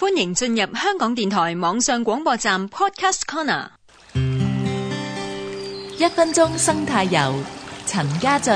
歡迎進入香港電台網上廣播站 Podcast Corner，一分鐘生態遊，陳家俊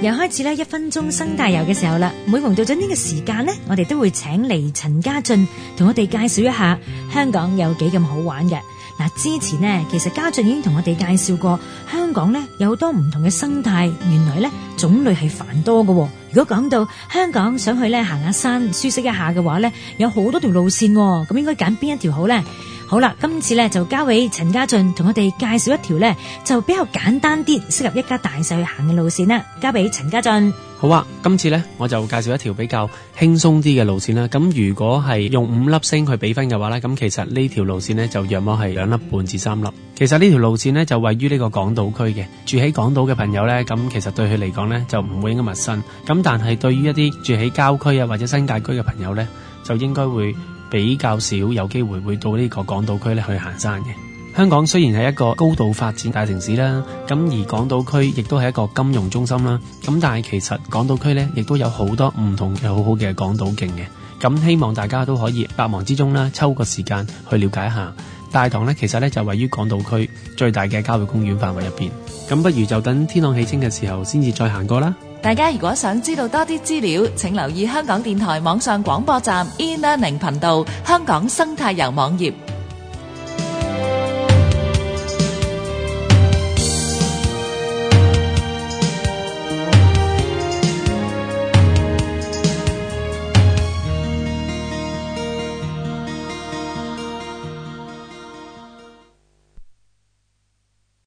又開始啦。一分鐘生態遊嘅時候啦，每逢到咗呢個時間呢，我哋都會請嚟陳家俊同我哋介紹一下香港有幾咁好玩嘅。嗱，之前呢，其實家俊已經同我哋介紹過香港呢有好多唔同嘅生態，原來呢種類係繁多嘅。如果講到香港想去咧行下山舒適一下嘅話咧，有好多條路線，哦，咁應該揀邊一條好咧？好啦，今次咧就交俾陳家俊同我哋介紹一條咧就比較簡單啲，適合一家大細去行嘅路線啦。交俾陳家俊。好啊，今次呢，我就介紹一條比較輕鬆啲嘅路線啦。咁如果係用五粒星去比分嘅話呢，咁其實呢條路線呢，就約莫係兩粒半至三粒。其實呢條路線呢，就位於呢個港島區嘅。住喺港島嘅朋友呢，咁其實對佢嚟講呢，就唔會應該陌生。咁但係對於一啲住喺郊區啊或者新界區嘅朋友呢，就應該會比較少有機會會到呢個港島區呢去行山嘅。香港雖然係一個高度發展大城市啦，咁而港島區亦都係一個金融中心啦，咁但係其實港島區呢，亦都有好多唔同嘅好好嘅港島徑嘅。咁希望大家都可以百忙之中啦，抽個時間去了解一下大潭。呢其實呢，就位於港島區最大嘅郊野公園範圍入邊。咁不如就等天朗氣清嘅時候，先至再行過啦。大家如果想知道多啲資料，請留意香港電台網上廣播站 In Learning 頻道、香港生態遊網頁。